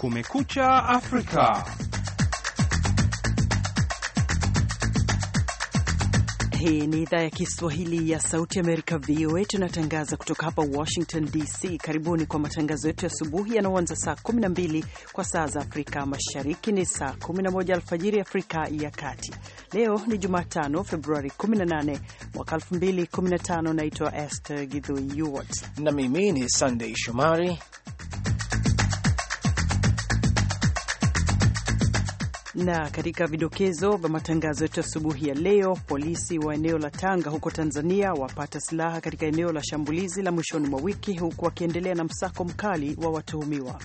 Kumekucha Afrika. Hii ni idhaa ya Kiswahili ya Sauti Amerika, VOA. Tunatangaza kutoka hapa Washington DC. Karibuni kwa matangazo yetu ya asubuhi yanaoanza saa 12 kwa saa za Afrika Mashariki, ni saa 11 alfajiri Afrika ya Kati. Leo ni Jumatano, Februari 18 mwaka 2015. Naitwa Esther Githui na mimi ni Sandei Shomari Na katika vidokezo vya matangazo yetu asubuhi ya leo, polisi wa eneo la Tanga huko Tanzania wapata silaha katika eneo la shambulizi la mwishoni mwa wiki, huku wakiendelea na msako mkali wa watuhumiwa.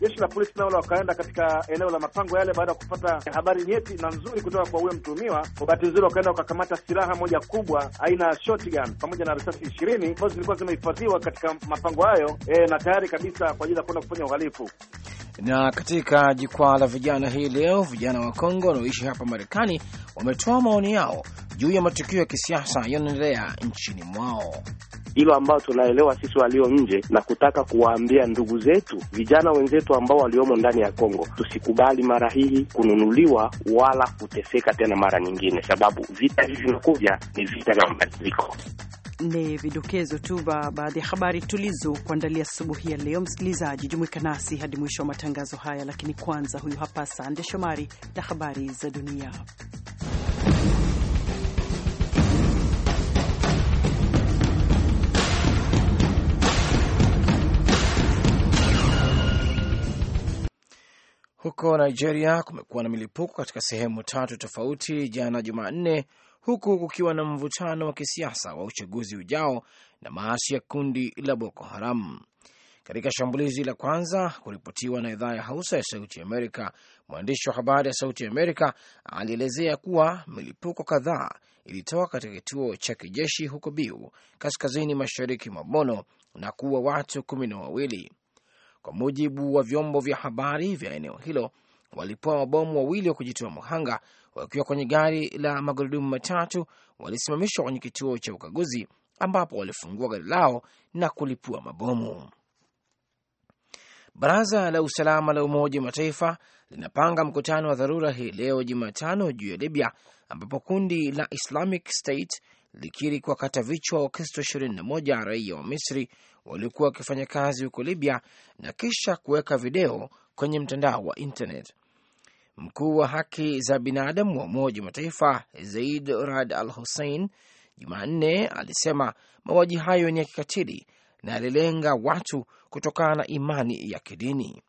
Jeshi la polisi nao wakaenda katika eneo la mapango yale baada ya kupata habari nyeti na nzuri kutoka kwa huyo mtuhumiwa. Kwa bahati nzuri, wakaenda wakakamata silaha moja kubwa aina ya shotgun pamoja na risasi ishirini ambazo zilikuwa zimehifadhiwa katika mapango hayo, e, na tayari kabisa kwa ajili ya kwenda kufanya uhalifu. Na katika jukwaa la vijana hii leo, vijana wa Kongo wanaoishi hapa Marekani wametoa maoni yao juu ya matukio ya kisiasa yanaendelea nchini mwao. Hilo ambayo tunaelewa sisi walio nje na kutaka kuwaambia ndugu zetu vijana wenzetu ambao waliomo ndani ya Kongo, tusikubali mara hii kununuliwa wala kuteseka tena mara nyingine, sababu vita hivi vinakuja ni vita vya mabadiliko ni vidokezo tu vya baadhi ya habari tulizokuandalia asubuhi ya leo. Msikilizaji, jumuika nasi hadi mwisho wa matangazo haya, lakini kwanza, huyu hapa Sande Shomari na habari za dunia. Huko Nigeria kumekuwa na milipuko katika sehemu tatu tofauti jana Jumanne, huku kukiwa na mvutano wa kisiasa wa uchaguzi ujao na maasi ya kundi la Boko Haram. Katika shambulizi la kwanza kuripotiwa na idhaa ya Hausa ya Sauti Amerika, mwandishi wa habari ya Sauti Amerika alielezea kuwa milipuko kadhaa ilitoka katika kituo cha kijeshi huko Biu, kaskazini mashariki mwa Bono na kuua watu kumi na wawili, kwa mujibu wa vyombo vya habari vya eneo hilo. Walipoa mabomu wawili wa kujitoa mhanga wakiwa kwenye gari la magurudumu matatu walisimamishwa kwenye kituo cha ukaguzi ambapo walifungua gari lao na kulipua mabomu. Baraza la usalama la Umoja wa Mataifa linapanga mkutano wa dharura hii leo Jumatano juu ya Libya, ambapo kundi la Islamic State kwa kata vichwa Wakristo 21 raia wa Misri waliokuwa wakifanya kazi huko Libya na kisha kuweka video kwenye mtandao wa internet. Mkuu wa haki za binadamu wa Umoja wa Mataifa Zaid Rad Al Hussein Jumanne alisema mauaji hayo ni ya kikatili na yalilenga watu kutokana na imani ya kidini.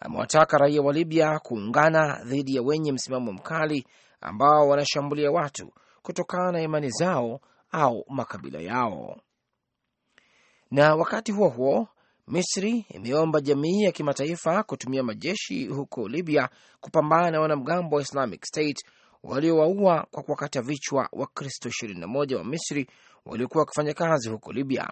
Amewataka raia wa Libya kuungana dhidi ya wenye msimamo mkali ambao wanashambulia watu kutokana na imani zao au makabila yao. Na wakati huo huo, Misri imeomba jamii ya kimataifa kutumia majeshi huko Libya kupambana na wanamgambo wa Islamic State waliowaua kwa kuwakata vichwa Wakristo 21 wa Misri waliokuwa wakifanya kazi huko Libya.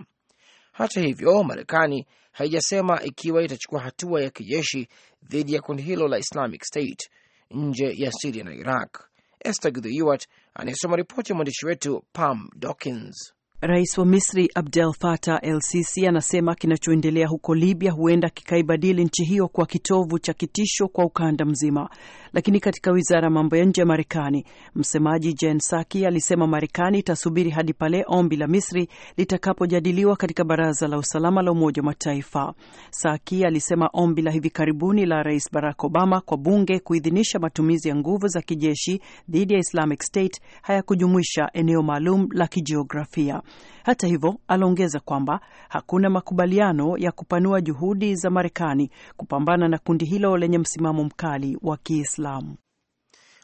Hata hivyo, Marekani haijasema ikiwa itachukua hatua ya kijeshi dhidi ya kundi hilo la Islamic State nje ya Siria na Iraq. Esther Githuiwat anayesoma ripoti ya mwandishi wetu Pam Dawkins. Rais wa Misri Abdel Fattah El Sisi anasema kinachoendelea huko Libya huenda kikaibadili nchi hiyo kwa kitovu cha kitisho kwa ukanda mzima. Lakini katika wizara ya mambo ya nje ya Marekani, msemaji Jen saki alisema Marekani itasubiri hadi pale ombi la Misri litakapojadiliwa katika Baraza la Usalama la Umoja wa Mataifa. saki alisema ombi la hivi karibuni la Rais Barack Obama kwa bunge kuidhinisha matumizi ya nguvu za kijeshi dhidi ya Islamic State hayakujumuisha eneo maalum la kijiografia. Hata hivyo, aliongeza kwamba hakuna makubaliano ya kupanua juhudi za Marekani kupambana na kundi hilo lenye msimamo mkali wa Kiislamu.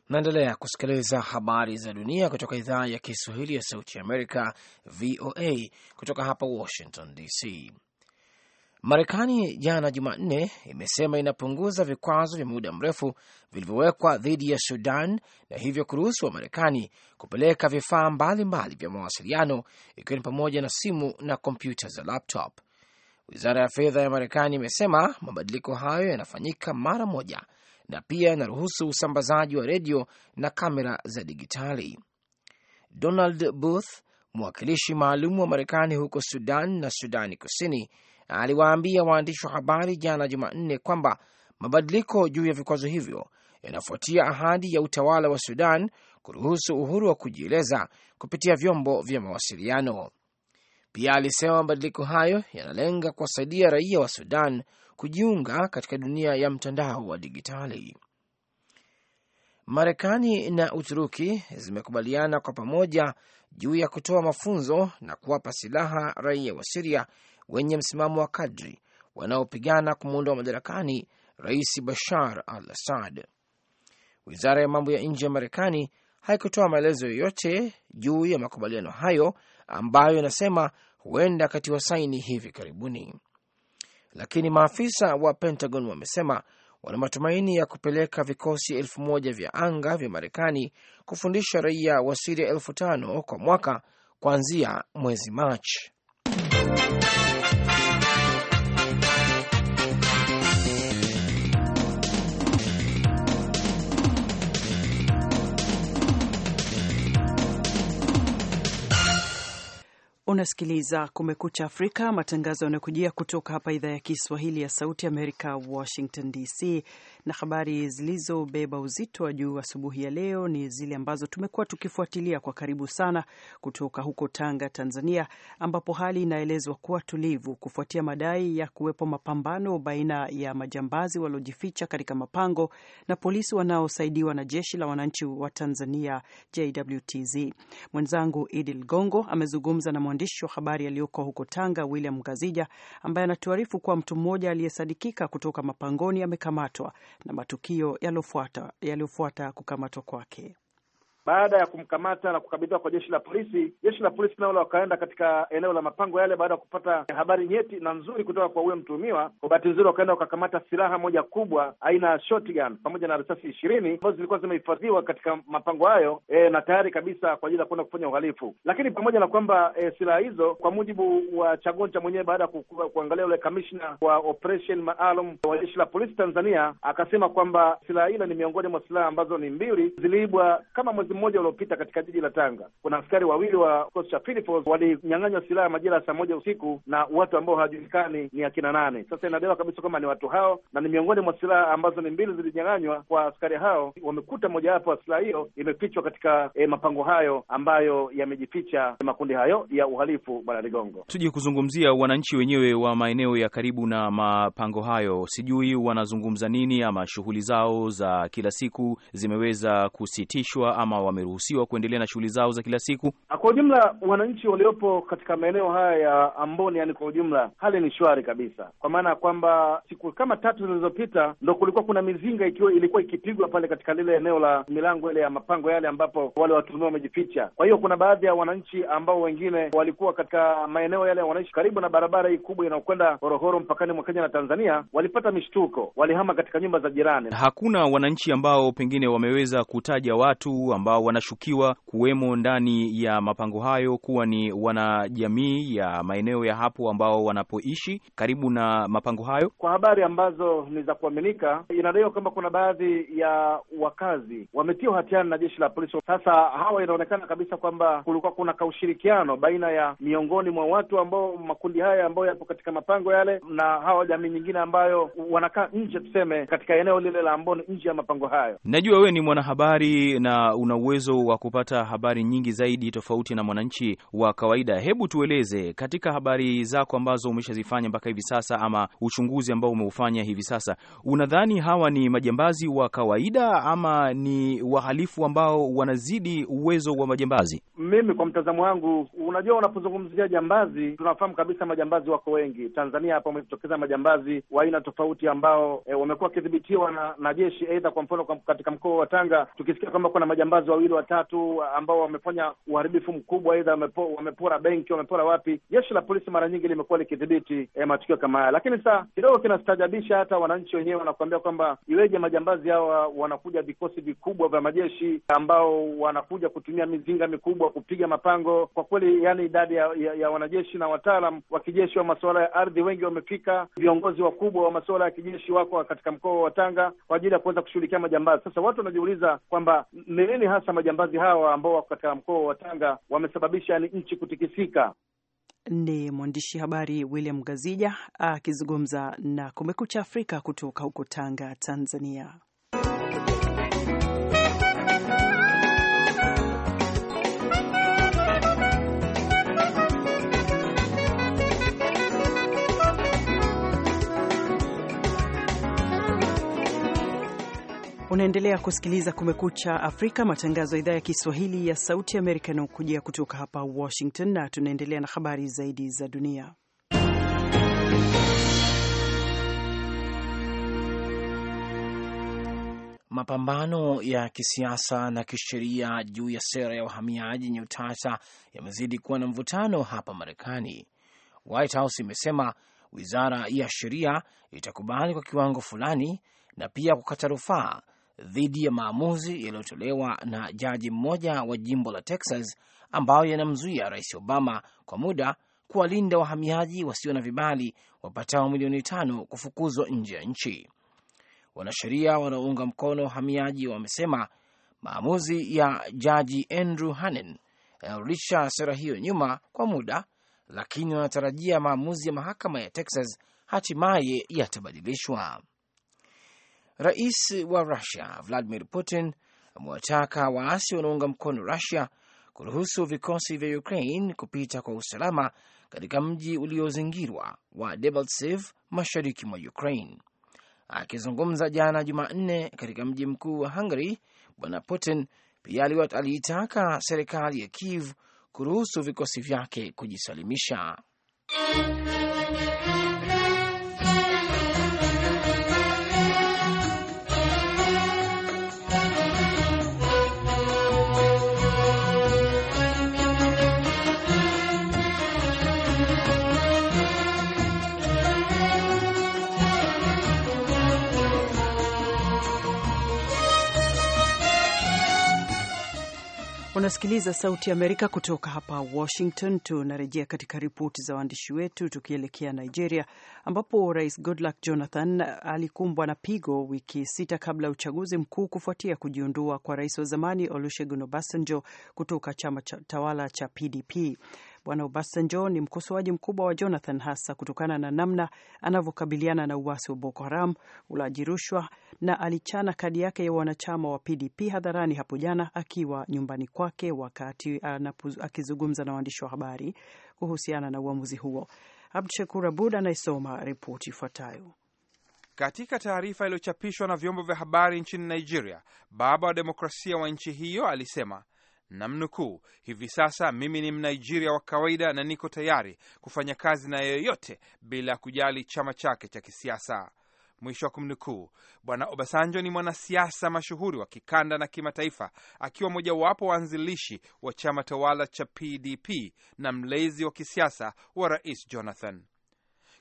Naendelea kusikiliza habari za dunia kutoka idhaa ya Kiswahili ya Sauti ya Amerika, VOA, kutoka hapa Washington DC. Marekani jana Jumanne imesema inapunguza vikwazo vya muda mrefu vilivyowekwa dhidi ya Sudan na hivyo kuruhusu wa marekani kupeleka vifaa mbalimbali vya mawasiliano ikiwa ni pamoja na simu na kompyuta za laptop. Wizara ya fedha ya Marekani imesema mabadiliko hayo yanafanyika mara moja na pia yanaruhusu usambazaji wa redio na kamera za digitali. Donald Booth, mwakilishi maalum wa Marekani huko Sudan na Sudani Kusini, aliwaambia waandishi wa habari jana Jumanne kwamba mabadiliko juu ya vikwazo hivyo yanafuatia ahadi ya utawala wa Sudan kuruhusu uhuru wa kujieleza kupitia vyombo vya mawasiliano. Pia alisema mabadiliko hayo yanalenga kuwasaidia raia wa Sudan kujiunga katika dunia ya mtandao wa dijitali Marekani na Uturuki zimekubaliana kwa pamoja juu ya kutoa mafunzo na kuwapa silaha raia wa Siria wenye msimamo wa kadri wanaopigana kumuondoa madarakani Rais Bashar al Assad. Wizara ya mambo ya nje ya Marekani haikutoa maelezo yoyote juu ya makubaliano hayo ambayo inasema huenda wa saini hivi karibuni, lakini maafisa wa Pentagon wamesema wana matumaini ya kupeleka vikosi elfu moja vya anga vya Marekani kufundisha raia wa Siria elfu tano kwa mwaka kuanzia mwezi Machi. Unasikiliza Kumekucha Afrika, matangazo yanayokujia kutoka hapa idhaa ya Kiswahili ya Sauti Amerika, Washington DC na habari zilizobeba uzito wa juu asubuhi ya leo ni zile ambazo tumekuwa tukifuatilia kwa karibu sana kutoka huko Tanga, Tanzania, ambapo hali inaelezwa kuwa tulivu kufuatia madai ya kuwepo mapambano baina ya majambazi waliojificha katika mapango na polisi wanaosaidiwa na jeshi la wananchi wa Tanzania, JWTZ. Mwenzangu Idi Ligongo amezungumza na mwandishi wa habari aliyoko huko Tanga, William Gazija, ambaye anatuarifu kuwa mtu mmoja aliyesadikika kutoka mapangoni amekamatwa na matukio yaliyofuata kukamatwa kwake. Baada ya kumkamata na kukabidhiwa kwa jeshi la polisi, jeshi la polisi nalo wakaenda katika eneo la mapango yale, baada ya kupata habari nyeti na nzuri kutoka kwa huyo mtuhumiwa. Kwa bahati nzuri, wakaenda wakakamata silaha moja kubwa aina ya shotgun pamoja na risasi ishirini ambazo zilikuwa zimehifadhiwa katika mapango hayo e, na tayari kabisa kwa ajili ya kuenda kufanya uhalifu. Lakini pamoja na kwamba e, silaha hizo, kwa mujibu wa Chagoncha mwenyewe, baada ya kuangalia yule kamishna wa operation maalum wa jeshi la polisi Tanzania, akasema kwamba silaha ile ni miongoni mwa silaha ambazo ni mbili ziliibwa kama mwezi mmoja uliopita katika jiji la Tanga, kuna askari wawili wa kikosi cha Pilipos walinyang'anywa silaha majira ya saa moja usiku na watu ambao hawajulikani ni akina nane. Sasa inadaiwa kabisa kwamba ni watu hao, na ni miongoni mwa silaha ambazo ni mbili zilinyang'anywa kwa askari hao. Wamekuta mojawapo wa silaha hiyo imefichwa katika e, mapango hayo ambayo yamejificha makundi hayo ya uhalifu. Bwana Ligongo, tuje kuzungumzia wananchi wenyewe wa maeneo ya karibu na mapango hayo, sijui wanazungumza nini ama shughuli zao za kila siku zimeweza kusitishwa ama wameruhusiwa kuendelea na shughuli zao za kila siku? Kwa ujumla, wananchi waliopo katika maeneo haya ya Amboni, yani kwa ujumla hali ni shwari kabisa, kwa maana ya kwamba siku kama tatu zilizopita ndo kulikuwa kuna mizinga ikiwa ilikuwa ikipigwa pale katika lile eneo la milango ile ya mapango yale ambapo wale watuhumiwa wamejificha. Kwa hiyo kuna baadhi ya wananchi ambao wengine walikuwa katika maeneo yale ya wanaishi karibu na barabara hii kubwa inayokwenda Horohoro mpakani mwa Kenya na Tanzania, walipata mishtuko, walihama katika nyumba za jirani. Hakuna wananchi ambao pengine wameweza kutaja watu ambao Uh, wanashukiwa kuwemo ndani ya mapango hayo kuwa ni wanajamii ya maeneo ya hapo ambao wanapoishi karibu na mapango hayo. Kwa habari ambazo ni za kuaminika, inadaiwa kwamba kuna baadhi ya wakazi wametiwa hatiani na jeshi la polisi. Sasa hawa inaonekana kabisa kwamba kulikuwa kuna kaushirikiano baina ya miongoni mwa watu ambao makundi haya ambayo yapo katika mapango yale na hawa jamii nyingine ambayo wanakaa nje, tuseme katika eneo lile la Amboni nje ya mapango hayo. Najua wewe ni mwanahabari na una uwezo wa kupata habari nyingi zaidi tofauti na mwananchi wa kawaida. Hebu tueleze katika habari zako ambazo umeshazifanya mpaka hivi sasa, ama uchunguzi ambao umeufanya hivi sasa, unadhani hawa ni majambazi wa kawaida ama ni wahalifu ambao wanazidi uwezo wa majambazi? Mimi kwa mtazamo wangu, unajua, unapozungumzia jambazi, tunafahamu kabisa majambazi wako wengi Tanzania. Hapa wametokeza majambazi wa aina tofauti ambao e, wamekuwa wakidhibitiwa na, na jeshi. Aidha, kwa mfano katika mkoa wa Tanga tukisikia kwamba kuna majambazi majambazi wawili watatu ambao wamefanya uharibifu mkubwa, aidha wamepora benki, wamepora wapi. Jeshi la polisi mara nyingi limekuwa likidhibiti eh, matukio kama haya, lakini sasa kidogo kinastajabisha, hata wananchi wenyewe wanakuambia kwamba iweje majambazi hawa wanakuja vikosi vikubwa vya majeshi ambao wanakuja kutumia mizinga mikubwa kupiga mapango. Kwa kweli, yani idadi ya, ya, ya wanajeshi na wataalam wa kijeshi wa masuala ya ardhi wengi wamefika, viongozi wakubwa wa masuala ya kijeshi wako katika mkoa wa Tanga kwa ajili ya kuweza kushughulikia majambazi. Sasa watu wanajiuliza kwamba ni nini hasa majambazi hawa ambao wako katika mkoa wa Tanga wamesababisha ni nchi kutikisika. Ni mwandishi habari William Gazija akizungumza na Kumekucha Afrika kutoka huko Tanga, Tanzania. Unaendelea kusikiliza Kumekucha Afrika, matangazo ya idhaa ya Kiswahili ya Sauti ya Amerika yanayokujia kutoka hapa Washington, na tunaendelea na habari zaidi za dunia. Mapambano ya kisiasa na kisheria juu ya sera ya uhamiaji yenye utata yamezidi kuwa na mvutano hapa Marekani. White House imesema wizara ya sheria itakubali kwa kiwango fulani na pia kukata rufaa dhidi ya maamuzi yaliyotolewa na jaji mmoja wa jimbo la Texas ambayo yanamzuia Rais Obama kwa muda kuwalinda wahamiaji wasio na vibali wapatao milioni tano kufukuzwa nje ya nchi. Wanasheria wanaounga mkono wahamiaji wamesema maamuzi ya jaji Andrew Hanen yanarudisha sera hiyo nyuma kwa muda, lakini wanatarajia maamuzi ya mahakama ya Texas hatimaye yatabadilishwa. Rais wa Rusia Vladimir Putin amewataka waasi wanaunga mkono Rusia kuruhusu vikosi vya Ukraine kupita kwa usalama katika mji uliozingirwa wa Debaltseve mashariki mwa Ukraine. Akizungumza jana Jumanne katika mji mkuu wa Hungary, Bwana Putin pia aliitaka serikali ya Kiev kuruhusu vikosi vyake kujisalimisha. Unasikiliza Sauti ya Amerika kutoka hapa Washington. Tunarejea katika ripoti za waandishi wetu, tukielekea Nigeria ambapo Rais Goodluck Jonathan alikumbwa na pigo wiki sita kabla ya uchaguzi mkuu kufuatia kujiondoa kwa rais wa zamani Olusegun Obasanjo kutoka chama tawala cha PDP. Bwana Obasanjo ni mkosoaji mkubwa wa Jonathan hasa kutokana na namna anavyokabiliana na uasi wa Boko Haram, ulaji rushwa, na alichana kadi yake ya wanachama wa PDP hadharani hapo jana akiwa nyumbani kwake, wakati akizungumza na waandishi wa habari kuhusiana na uamuzi huo. abdu shakur Abud anayesoma ripoti ifuatayo. Katika taarifa iliyochapishwa na vyombo vya habari nchini Nigeria, baba wa demokrasia wa nchi hiyo alisema namnukuu, hivi sasa mimi ni Mnigeria wa kawaida na niko tayari kufanya kazi na yeyote bila kujali chama chake cha kisiasa. Mwisho wa kumnukuu. Bwana Obasanjo ni mwanasiasa mashuhuri wa kikanda na kimataifa, akiwa mojawapo waanzilishi wa chama tawala cha PDP na mlezi wa kisiasa wa Rais Jonathan.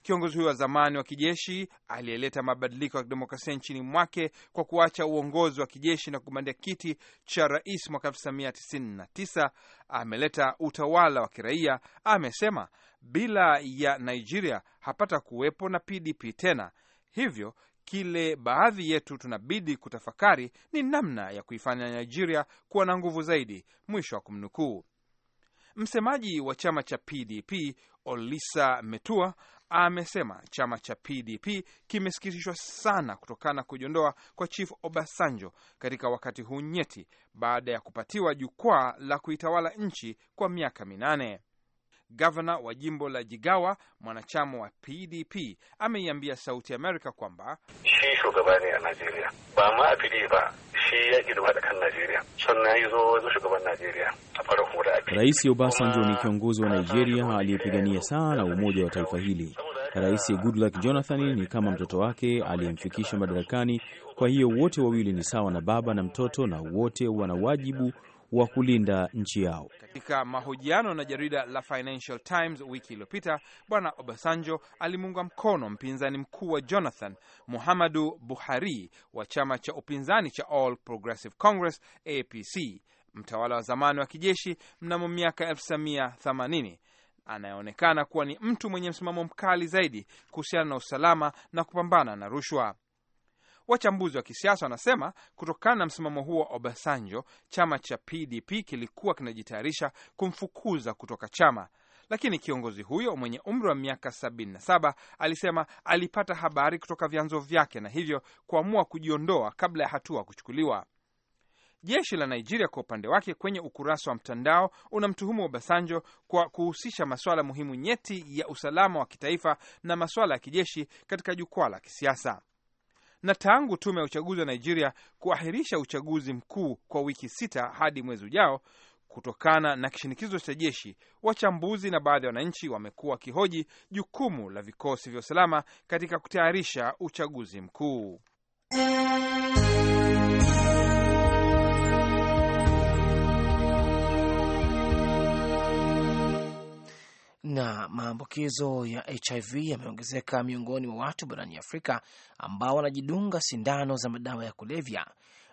Kiongozi huyo wa zamani wa kijeshi aliyeleta mabadiliko ya kidemokrasia nchini mwake kwa kuacha uongozi wa kijeshi na kugombania kiti cha rais mwaka 1999 ameleta utawala wa kiraia. Amesema bila ya Nigeria hapata kuwepo na PDP tena, hivyo kile baadhi yetu tunabidi kutafakari ni namna ya kuifanya Nigeria kuwa na nguvu zaidi. Mwisho wa kumnukuu. Msemaji wa chama cha PDP Olisa Metua amesema chama cha PDP kimesikitishwa sana kutokana na kujiondoa kwa Chief Obasanjo katika wakati huu nyeti baada ya kupatiwa jukwaa la kuitawala nchi kwa miaka minane. Gavana wa jimbo la Jigawa, mwanachama wa PDP, ameiambia Sauti Amerika kwamba shi yaƙi da haɗa kan Najeriya sannan ya zo zo shugaban Najeriya a farar hura Rais Obasanjo ni kiongozi wa Nigeria aliyepigania sana umoja wa taifa hili. Rais Goodluck Jonathan ni kama mtoto wake aliyemfikisha madarakani. Kwa hiyo wote wawili ni sawa na baba na mtoto, na wote wana wajibu wa kulinda nchi yao. Katika mahojiano na jarida la Financial Times wiki iliyopita, Bwana Obasanjo alimuunga mkono mpinzani mkuu wa Jonathan, Muhammadu Buhari wa chama cha upinzani cha All Progressive Congress, APC, mtawala wa zamani wa kijeshi mnamo miaka 1980 anayeonekana kuwa ni mtu mwenye msimamo mkali zaidi kuhusiana na usalama na kupambana na rushwa. Wachambuzi wa kisiasa wanasema kutokana na msimamo huo wa Obasanjo, chama cha PDP kilikuwa kinajitayarisha kumfukuza kutoka chama lakini kiongozi huyo mwenye umri wa miaka 77 alisema alipata habari kutoka vyanzo vyake na hivyo kuamua kujiondoa kabla ya hatua kuchukuliwa. Jeshi la Nigeria kwa upande wake, kwenye ukurasa wa mtandao unamtuhumu Obasanjo kwa kuhusisha masuala muhimu nyeti ya usalama wa kitaifa na masuala ya kijeshi katika jukwaa la kisiasa na tangu tume ya uchaguzi wa Nigeria kuahirisha uchaguzi mkuu kwa wiki sita hadi mwezi ujao kutokana na kishinikizo cha jeshi, wachambuzi na baadhi ya wananchi wamekuwa wakihoji jukumu la vikosi vya usalama katika kutayarisha uchaguzi mkuu. Na maambukizo ya HIV yameongezeka miongoni mwa watu barani Afrika ambao wanajidunga sindano za madawa ya kulevya.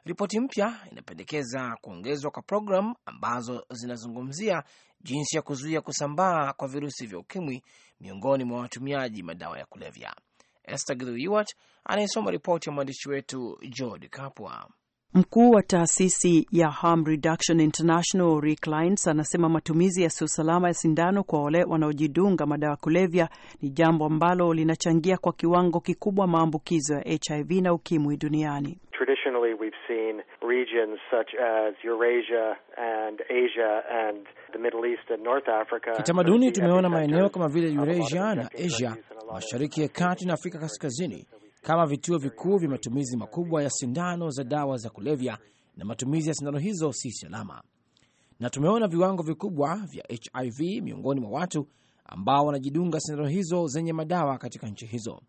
Ripoti mpya inapendekeza kuongezwa kwa programu ambazo zinazungumzia jinsi ya kuzuia kusambaa kwa virusi vya ukimwi miongoni mwa watumiaji madawa ya kulevya. Esther Githuiwat anayesoma ripoti ya mwandishi wetu George Kapwa. Mkuu wa taasisi ya Harm Reduction International Rick Lines anasema matumizi yasiyosalama ya sindano kwa wale wanaojidunga madawa kulevya ni jambo ambalo linachangia kwa kiwango kikubwa maambukizo ya HIV na ukimwi duniani. Traditionally we've seen regions such as Eurasia and Asia and the Middle East and North Africa. Kitamaduni tumeona maeneo kama vile Eurasia na Asia, Mashariki ya Kati na Afrika Kaskazini kama vituo vikuu vya matumizi makubwa ya sindano za dawa za kulevya, na matumizi ya sindano hizo si salama, na tumeona viwango vikubwa vya HIV miongoni mwa watu ambao wanajidunga sindano hizo zenye madawa katika nchi hizo.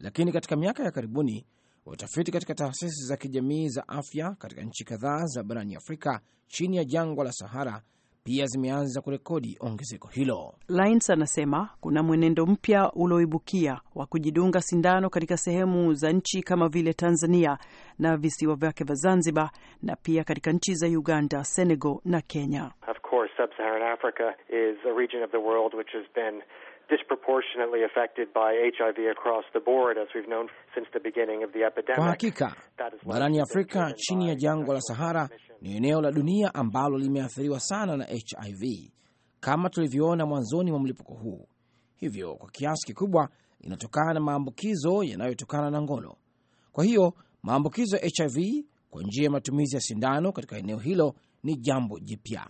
Lakini katika miaka ya karibuni utafiti katika taasisi za kijamii za afya katika nchi kadhaa za barani Afrika chini ya jangwa la Sahara pia zimeanza kurekodi ongezeko hilo. Lines anasema kuna mwenendo mpya ulioibukia wa kujidunga sindano katika sehemu za nchi kama vile Tanzania na visiwa vyake vya Zanzibar na pia katika nchi za Uganda, Senegal na Kenya. Of course, Sub-Saharan Africa is a region of the world which has been disproportionately affected by HIV across the board, as we've known since the beginning of the epidemic. Kwa hakika barani Afrika chini ya jangwa la Sahara ni eneo la dunia ambalo limeathiriwa sana na HIV kama tulivyoona mwanzoni mwa mlipuko huu. Hivyo kwa kiasi kikubwa inatokana na maambukizo yanayotokana na ngono. Kwa hiyo maambukizo ya HIV kwa njia ya matumizi ya sindano katika eneo hilo ni jambo jipya.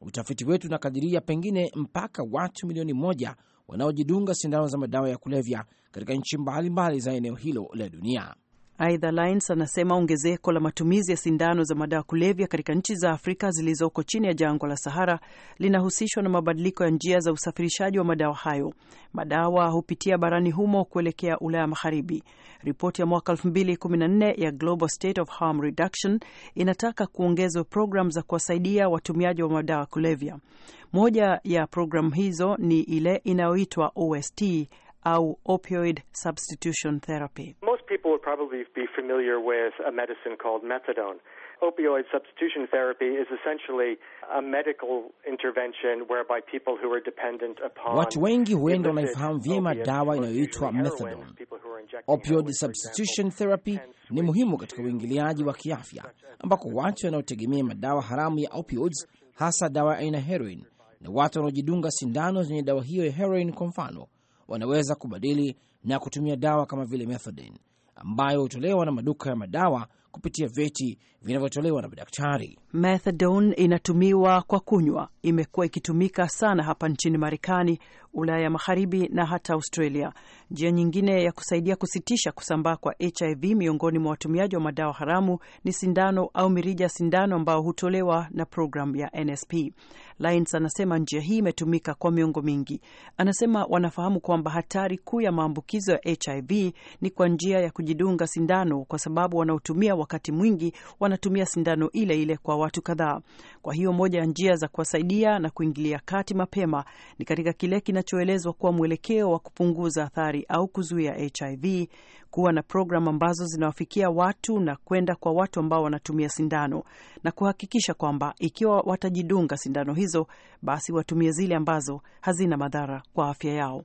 Utafiti wetu unakadiria pengine mpaka watu milioni moja wanaojidunga sindano za madawa ya kulevya katika nchi mbalimbali za eneo hilo la dunia. Aidha, Lyons anasema ongezeko la matumizi ya sindano za madawa kulevya katika nchi za Afrika zilizoko chini ya jangwa la Sahara linahusishwa na mabadiliko ya njia za usafirishaji wa madawa hayo. Madawa hupitia barani humo kuelekea Ulaya Magharibi. Ripoti ya mwaka 2014 ya Global State of Harm Reduction inataka kuongezwa programu za kuwasaidia watumiaji wa madawa kulevya. Moja ya programu hizo ni ile inayoitwa OST au opioid substitution therapy. Most people would probably be familiar with a medicine called methadone. Opioid substitution therapy is essentially a medical intervention whereby people who are dependent upon watu wengi huenda wanaifahamu vyema dawa inayoitwa methadone. Opioid substitution therapy ni muhimu katika uingiliaji wa kiafya ambako watu wanaotegemea madawa haramu ya opioids, hasa dawa aina heroin, na watu wanaojidunga sindano zenye dawa hiyo ya heroin kwa mfano wanaweza kubadili na kutumia dawa kama vile methadone ambayo hutolewa na maduka ya madawa kupitia vyeti vinavyotolewa na madaktari. Methadone inatumiwa kwa kunywa, imekuwa ikitumika sana hapa nchini Marekani, Ulaya ya Magharibi na hata Australia. Njia nyingine ya kusaidia kusitisha kusambaa kwa HIV miongoni mwa watumiaji wa madawa haramu ni sindano au mirija ya sindano ambao hutolewa na programu ya NSP. Lyons anasema njia hii imetumika kwa miongo mingi. Anasema wanafahamu kwamba hatari kuu ya maambukizo ya HIV ni kwa njia ya kujidunga sindano, kwa sababu wanaotumia wakati mwingi wanatumia sindano ile ile kwa watu kadhaa. Kwa hiyo moja ya njia za kuwasaidia na kuingilia kati mapema ni katika kile kinachoelezwa kuwa mwelekeo wa kupunguza athari au kuzuia HIV, kuwa na programu ambazo zinawafikia watu na kwenda kwa watu ambao wanatumia sindano na kuhakikisha kwamba ikiwa watajidunga sindano hizo, basi watumie zile ambazo hazina madhara kwa afya yao.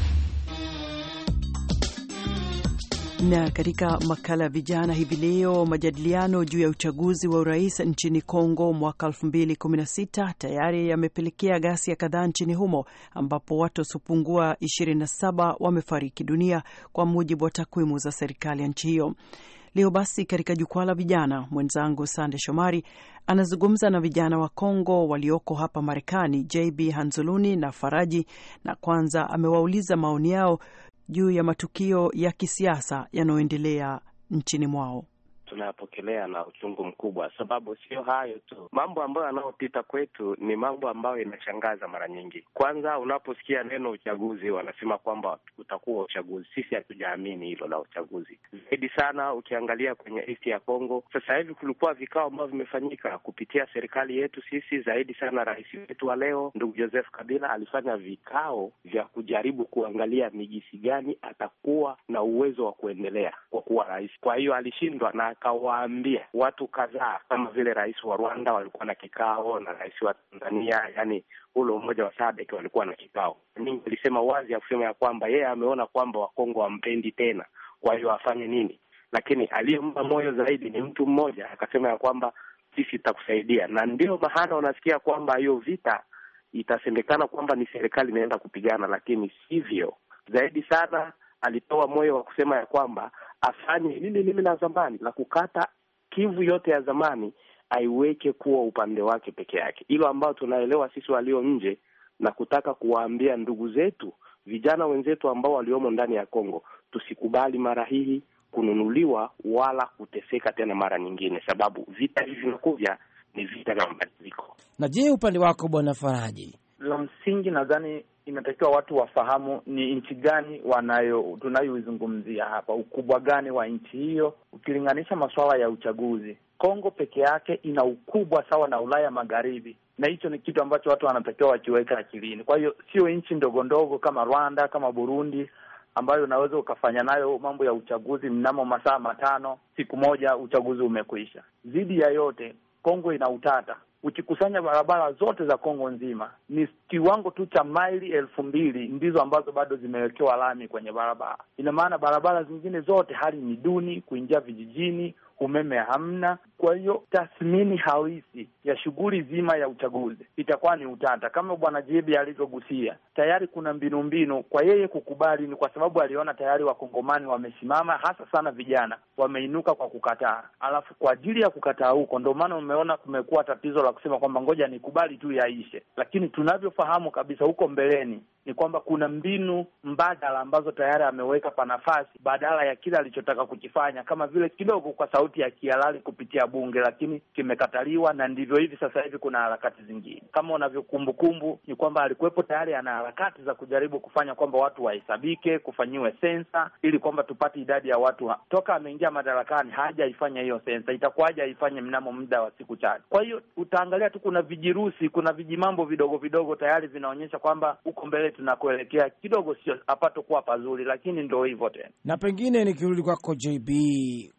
Na katika makala ya vijana hivi leo, majadiliano juu ya uchaguzi wa urais nchini Kongo mwaka 2016 tayari yamepelekea ghasia ya kadhaa nchini humo ambapo watu wasiopungua 27 wamefariki dunia kwa mujibu wa takwimu za serikali ya nchi hiyo. Leo basi, katika jukwaa la vijana, mwenzangu Sande Shomari anazungumza na vijana wa Kongo walioko hapa Marekani, JB Hanzuluni na Faraji, na kwanza amewauliza maoni yao juu ya matukio ya kisiasa yanayoendelea nchini mwao tunayapokelea na uchungu mkubwa, sababu sio hayo tu. Mambo ambayo yanayopita kwetu ni mambo ambayo inashangaza mara nyingi. Kwanza unaposikia neno uchaguzi, wanasema kwamba utakuwa uchaguzi. Sisi hatujaamini hilo la uchaguzi. Zaidi sana ukiangalia kwenye East ya Kongo, sasa hivi kulikuwa vikao ambavyo vimefanyika kupitia serikali yetu sisi, zaidi sana rais wetu wa leo ndugu Joseph Kabila alifanya vikao vya kujaribu kuangalia ni jinsi gani atakuwa na uwezo wa kuendelea kwa kuwa rais. Kwa hiyo alishindwa na akawaambia watu kadhaa kama vile rais wa Rwanda walikuwa na kikao na rais wa Tanzania, yani ule umoja wa SADC walikuwa na kikao. Mimi wazi ya kusema ya kwamba yeye ameona kwamba Wakongo wampendi tena, kwa hiyo afanye nini? Lakini aliyempa moyo zaidi ni mtu mmoja, akasema ya kwamba sisi tutakusaidia, na ndio maana unasikia kwamba hiyo vita itasemekana kwamba ni serikali inaenda kupigana, lakini sivyo. Zaidi sana alitoa moyo wa kusema ya kwamba afanye lile lile la zamani la kukata kivu yote ya zamani aiweke kuwa upande wake peke yake, hilo ambayo tunaelewa sisi walio nje, na kutaka kuwaambia ndugu zetu vijana wenzetu ambao waliomo ndani ya Kongo, tusikubali mara hii kununuliwa wala kuteseka tena mara nyingine, sababu vita hivi vinakuja ni vita vya mabadiliko. Na je, upande wako Bwana Faraji? La msingi nadhani inatakiwa watu wafahamu ni nchi gani wanayo tunayoizungumzia hapa, ukubwa gani wa nchi hiyo, ukilinganisha masuala ya uchaguzi. Kongo peke yake ina ukubwa sawa na Ulaya Magharibi, na hicho ni kitu ambacho watu wanatakiwa wakiweka akilini. Kwa hiyo sio nchi ndogo ndogo kama Rwanda, kama Burundi ambayo unaweza ukafanya nayo mambo ya uchaguzi mnamo masaa matano, siku moja uchaguzi umekwisha. Dhidi ya yote, Kongo ina utata ukikusanya barabara zote za Kongo nzima ni kiwango tu cha maili elfu mbili ndizo ambazo bado zimewekewa lami kwenye barabara. Ina maana barabara zingine zote hali ni duni, kuingia vijijini umeme hamna. Kwa hiyo tathmini halisi ya shughuli zima ya uchaguzi itakuwa ni utata, kama bwana Jebi alivyogusia. Tayari kuna mbinu mbinu, kwa yeye kukubali ni kwa sababu aliona tayari wakongomani wamesimama, hasa sana vijana wameinuka kwa kukataa. Alafu kwa ajili ya kukataa huko, ndio maana umeona kumekuwa tatizo la kusema kwamba ngoja nikubali tu yaishe, lakini tunavyofahamu kabisa huko mbeleni ni kwamba kuna mbinu mbadala ambazo tayari ameweka kwa nafasi badala ya kile alichotaka kukifanya, kama vile kidogo kwa sauti ya kihalali kupitia bunge, lakini kimekataliwa, na ndivyo hivi sasa hivi kuna harakati zingine. Kama unavyokumbukumbu, ni kwamba alikuwepo tayari ana harakati za kujaribu kufanya kwamba watu wahesabike, kufanyiwe sensa, ili kwamba tupate idadi ya watu ha. Toka ameingia madarakani hajaifanya hiyo sensa, itakuwaje aifanye mnamo muda wa siku chache? Kwa hiyo utaangalia tu kuna vijirusi, kuna vijimambo vidogo vidogo tayari vinaonyesha kwamba uko mbele tunakuelekea kidogo sio apato kuwa pazuri, lakini ndo hivyo tena. Na pengine nikirudi kwako JB,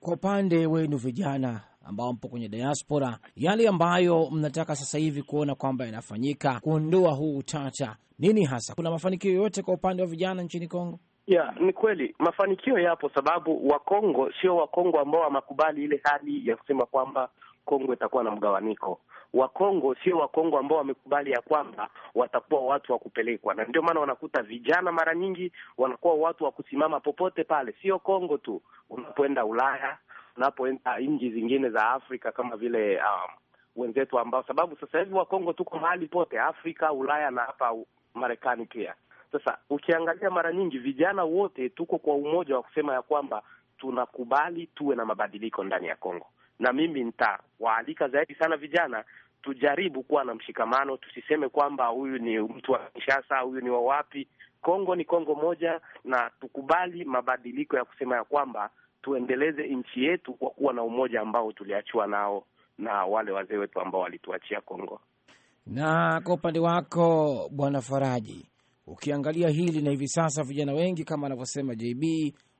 kwa upande wenu vijana ambao mpo kwenye diaspora, yale ambayo mnataka sasa hivi kuona kwamba yanafanyika kuondoa huu utata, nini hasa? Kuna mafanikio yoyote kwa upande wa vijana nchini Kongo? Yeah, ni kweli mafanikio yapo, sababu Wakongo sio Wakongo ambao wamekubali ile hali ya kusema kwamba Kongo itakuwa na mgawaniko. Wakongo sio Wakongo ambao wamekubali ya kwamba watakuwa watu wa kupelekwa, na ndio maana wanakuta vijana mara nyingi wanakuwa watu wa kusimama popote pale, sio Kongo tu, unapoenda Ulaya, unapoenda nchi zingine za Afrika kama vile um, wenzetu ambao, sababu sasa hivi Wakongo tuko mahali pote Afrika, Ulaya na hapa Marekani pia. Sasa ukiangalia mara nyingi vijana wote tuko kwa umoja wa kusema ya kwamba tunakubali tuwe na mabadiliko ndani ya Kongo na mimi nitawaalika zaidi sana vijana tujaribu kuwa na mshikamano, tusiseme kwamba huyu ni mtu wa Kinshasa, huyu ni wa wapi. Kongo ni Kongo moja, na tukubali mabadiliko ya kusema ya kwamba tuendeleze nchi yetu kwa kuwa na umoja ambao tuliachiwa nao na wale wazee wetu ambao walituachia Kongo. Na kwa upande wako Bwana Faraji, ukiangalia hili na hivi sasa vijana wengi kama anavyosema JB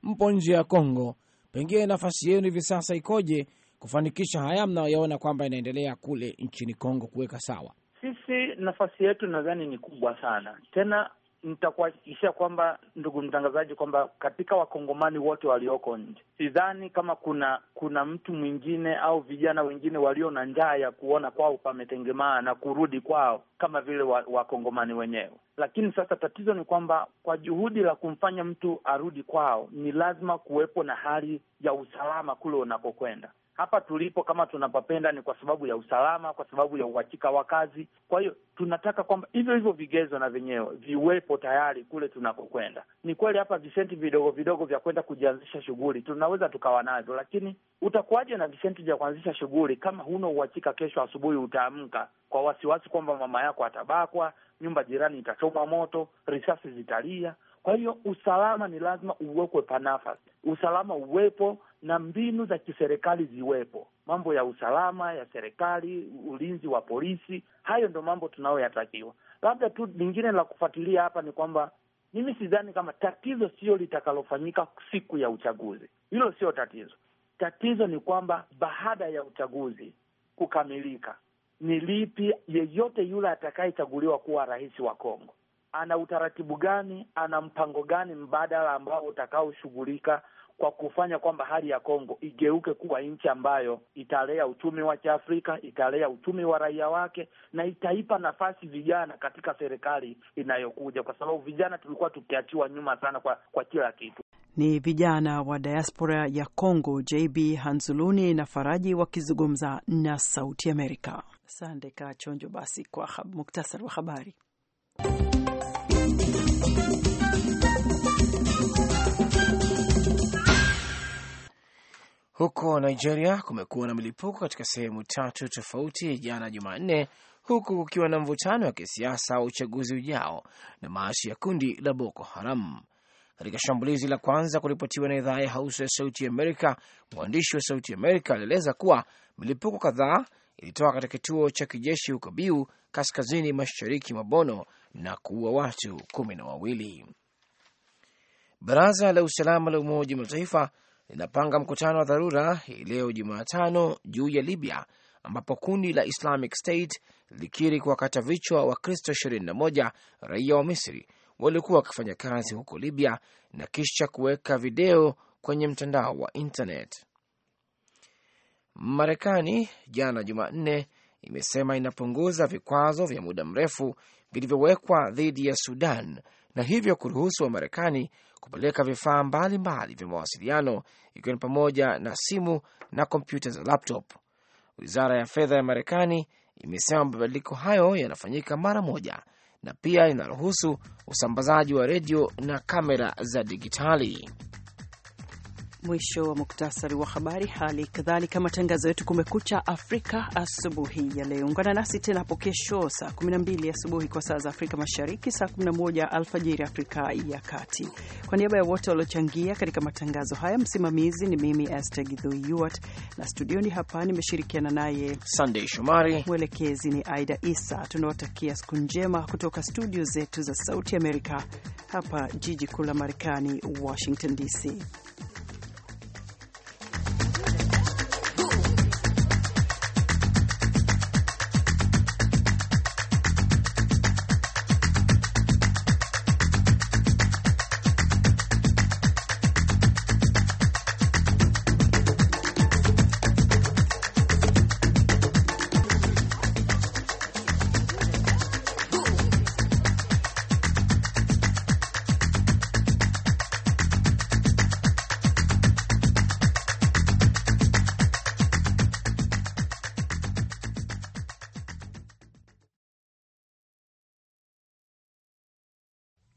mpo nje ya Kongo, pengine nafasi yenu hivi sasa ikoje kufanikisha haya mnayoona kwamba inaendelea kule nchini Kongo kuweka sawa? Sisi nafasi yetu nadhani ni kubwa sana. Tena nitakuhakikishia kwamba, ndugu mtangazaji, kwamba katika wakongomani wote walioko nje, sidhani kama kuna kuna mtu mwingine au vijana wengine walio na njaa ya kuona kwao pametengemaa na kurudi kwao kama vile wakongomani wa wenyewe. Lakini sasa tatizo ni kwamba kwa juhudi la kumfanya mtu arudi kwao, ni lazima kuwepo na hali ya usalama kule unakokwenda hapa tulipo kama tunapapenda ni kwa sababu ya usalama, kwa sababu ya uhakika wa kazi. Kwa hiyo tunataka kwamba hivyo hivyo vigezo na vyenyewe viwepo tayari kule tunakokwenda. Ni kweli hapa visenti vidogo vidogo vya kwenda kujianzisha shughuli tunaweza tukawa navyo, lakini utakuwaje na visenti vya kuanzisha shughuli kama huna uhakika kesho asubuhi utaamka kwa wasiwasi kwamba mama yako atabakwa, nyumba jirani itachoma moto, risasi zitalia? Kwa hiyo usalama ni lazima uwekwe panafasi, usalama uwepo na mbinu za kiserikali ziwepo, mambo ya usalama ya serikali, ulinzi wa polisi, hayo ndo mambo tunayoyatakiwa. Labda tu lingine la kufuatilia hapa ni kwamba mimi sidhani kama tatizo sio litakalofanyika siku ya uchaguzi, hilo sio tatizo. Tatizo ni kwamba baada ya uchaguzi kukamilika, ni lipi yeyote yule atakayechaguliwa kuwa rais wa Kongo ana utaratibu gani, ana mpango gani mbadala ambao utakaoshughulika kwa kufanya kwamba hali ya Kongo igeuke kuwa nchi ambayo italea uchumi wa Kiafrika, italea uchumi wa raia wake na itaipa nafasi vijana katika serikali inayokuja, kwa sababu vijana tulikuwa tukiachiwa nyuma sana kwa, kwa kila kitu. Ni vijana wa diaspora ya Kongo, JB Hanzuluni na Faraji wakizungumza na Sauti Amerika. Sande Kachonjo. Basi kwa muktasari wa habari Huko Nigeria kumekuwa na milipuko katika sehemu tatu tofauti jana Jumanne, huku kukiwa na mvutano wa kisiasa wa uchaguzi ujao na maasi ya kundi la Boko Haram. Katika shambulizi la kwanza kuripotiwa na idhaa ya Hausa ya Sauti Amerika, mwandishi wa Sauti Amerika alieleza kuwa milipuko kadhaa ilitoka katika kituo cha kijeshi huko Biu, kaskazini mashariki mwa Bono na kuua watu kumi na wawili. Baraza la Usalama la Umoja wa Mataifa linapanga mkutano wa dharura hii leo Jumatano juu ya Libya, ambapo kundi la Islamic State likiri kuwakata vichwa Kristo 21 raia wa Misri waliokuwa wakifanya kazi huko Libya na kisha kuweka video kwenye mtandao wa internet. Marekani jana Jumanne imesema inapunguza vikwazo vya muda mrefu vilivyowekwa dhidi ya Sudan na hivyo kuruhusu Wamarekani kupeleka vifaa mbalimbali vya mawasiliano ikiwa ni pamoja na simu na kompyuta za laptop. Wizara ya fedha ya Marekani imesema mabadiliko hayo yanafanyika mara moja na pia inaruhusu usambazaji wa redio na kamera za dijitali. Mwisho wa muktasari wa habari. Hali kadhalika matangazo yetu Kumekucha Afrika asubuhi ya leo. Ungana nasi tena hapo kesho saa 12 asubuhi kwa saa za Afrika Mashariki, saa 11 alfajiri Afrika ya Kati. Kwa niaba ya wote waliochangia katika matangazo haya, msimamizi ni mimi Esther Githui Yuart, na studioni hapa nimeshirikiana naye sandey Shomari, mwelekezi ni Aida Isa. Tunawatakia siku njema kutoka studio zetu za Sauti Amerika hapa jiji kuu la Marekani, Washington DC.